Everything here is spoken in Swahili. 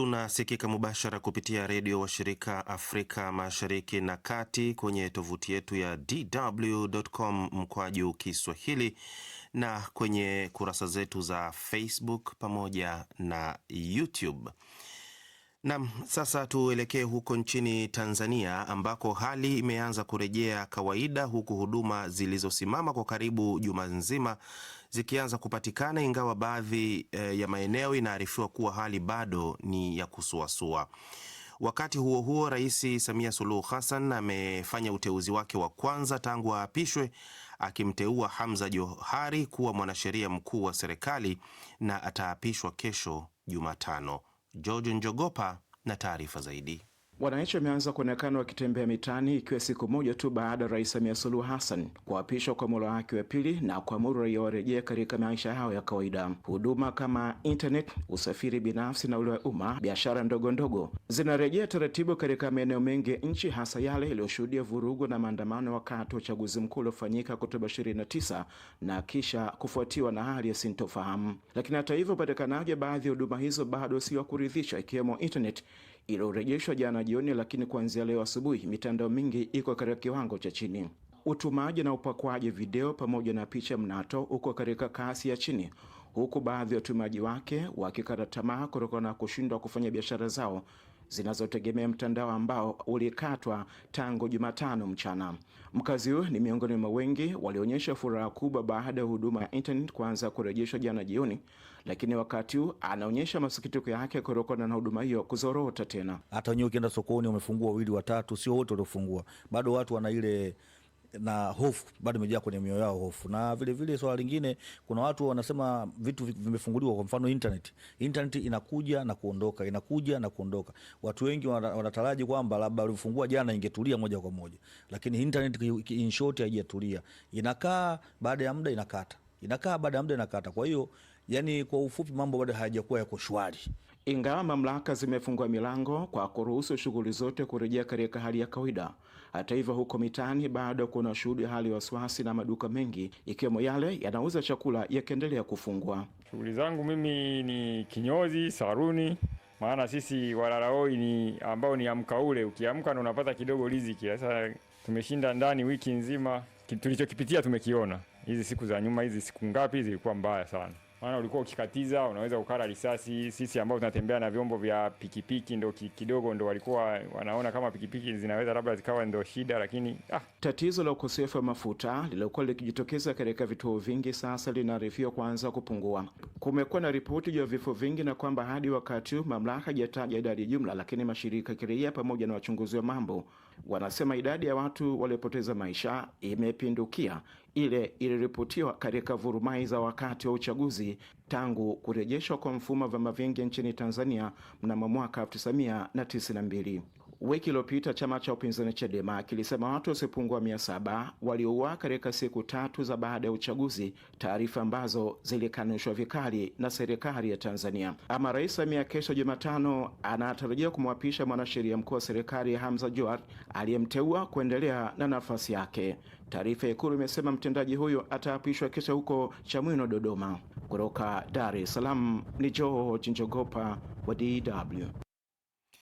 tunasikika mubashara kupitia redio washirika Afrika Mashariki na Kati, kwenye tovuti yetu ya DW.com mkwaju Kiswahili na kwenye kurasa zetu za Facebook pamoja na YouTube. Nam, sasa tuelekee huko nchini Tanzania ambako hali imeanza kurejea kawaida, huku huduma zilizosimama kwa karibu juma nzima zikianza kupatikana, ingawa baadhi e, ya maeneo inaarifiwa kuwa hali bado ni ya kusuasua. Wakati huo huo, Rais Samia Suluhu Hassan amefanya uteuzi wake wa kwanza tangu aapishwe, akimteua Hamza Johari kuwa mwanasheria mkuu wa serikali na ataapishwa kesho Jumatano. George Njogopa na taarifa zaidi. Wananchi wameanza kuonekana wakitembea mitaani ikiwa siku moja tu baada ya Rais Samia Suluhu Hassan kuapishwa kwa muhula wake wa pili na kuamuru raia warejee katika maisha yao ya kawaida. Huduma kama internet, usafiri binafsi na ule wa umma, biashara ndogo ndogo zinarejea taratibu katika maeneo mengi ya nchi, hasa yale yaliyoshuhudia vurugu na maandamano wakati wa uchaguzi mkuu uliofanyika Oktoba 29 na kisha kufuatiwa na hali ya sintofahamu. Lakini hata hivyo, upatikanaji baadhi ya huduma hizo bado si wa kuridhisha, ikiwemo internet iliyorejeshwa jana jioni, lakini kuanzia leo asubuhi mitandao mingi iko katika kiwango cha chini. Utumaji na upakwaji video pamoja na picha mnato uko katika kasi ya chini, huku baadhi ya watumiaji wake wakikata tamaa kutokana na kushindwa kufanya biashara zao zinazotegemea mtandao ambao ulikatwa tangu Jumatano mchana. Mkazi huu ni miongoni mwa wengi walionyesha furaha kubwa baada ya huduma ya internet kuanza kurejeshwa jana jioni, lakini wakati huu anaonyesha masikitiko yake kutokana na huduma hiyo kuzorota tena. Hata wenyewe ukienda sokoni, wamefungua wawili watatu, sio wote waliofungua, bado watu wana ile na hofu bado imejaa kwenye mioyo yao hofu. Na vile vile swala lingine, kuna watu wanasema vitu vimefunguliwa, kwa mfano internet. Internet inakuja na kuondoka, inakuja na kuondoka. Watu wengi wanataraji kwamba labda walifungua jana ingetulia moja kwa moja, lakini internet in short haijatulia, inakaa baada ya muda inakata, inakaa baada ya muda inakata. Kwa hiyo yani, kwa ufupi, mambo bado hayajakuwa yako shwari. Ingawa mamlaka zimefungua milango kwa kuruhusu shughuli zote kurejea katika hali ya kawaida, hata hivyo, huko mitaani bado kuna shuhudi hali ya wasiwasi, na maduka mengi ikiwemo yale yanauza chakula yakiendelea kufungwa. Shughuli zangu mimi ni kinyozi, saruni, maana sisi walalahoi ni ambao ni ule ukiamka na unapata kidogo riziki. Sasa tumeshinda ndani wiki nzima, tulichokipitia tumekiona. Hizi siku za nyuma, hizi siku ngapi zilikuwa mbaya sana maana ulikuwa ukikatiza unaweza kukala risasi. Sisi ambao tunatembea na vyombo vya pikipiki ndo kidogo ndo walikuwa wanaona kama pikipiki zinaweza labda zikawa ndo shida, lakini ah. Tatizo la ukosefu wa mafuta lililokuwa likijitokeza katika vituo vingi sasa linaarifiwa kuanza kupungua. Kumekuwa na ripoti juu ya vifo vingi na kwamba hadi wakati huu mamlaka hajataja idadi jumla, lakini mashirika ya kiraia pamoja na wachunguzi wa mambo wanasema idadi ya watu waliopoteza maisha imepindukia ile iliripotiwa katika vurumai za wakati wa uchaguzi tangu kurejeshwa kwa mfumo wa vyama vingi nchini Tanzania mnamo mwaka 1992. Wiki iliyopita chama cha upinzani Chadema kilisema watu wasiopungua mia saba waliouawa katika siku tatu za baada ya uchaguzi, taarifa ambazo zilikanushwa vikali na serikali ya Tanzania. Ama Rais Samia kesho Jumatano anatarajia kumwapisha mwanasheria mkuu wa serikali Hamza Juar aliyemteua kuendelea na nafasi yake. Taarifa ya Ikulu imesema mtendaji huyo ataapishwa kesho huko Chamwino, Dodoma. Kutoka Dar es Salaam ni George Njogopa wa DW.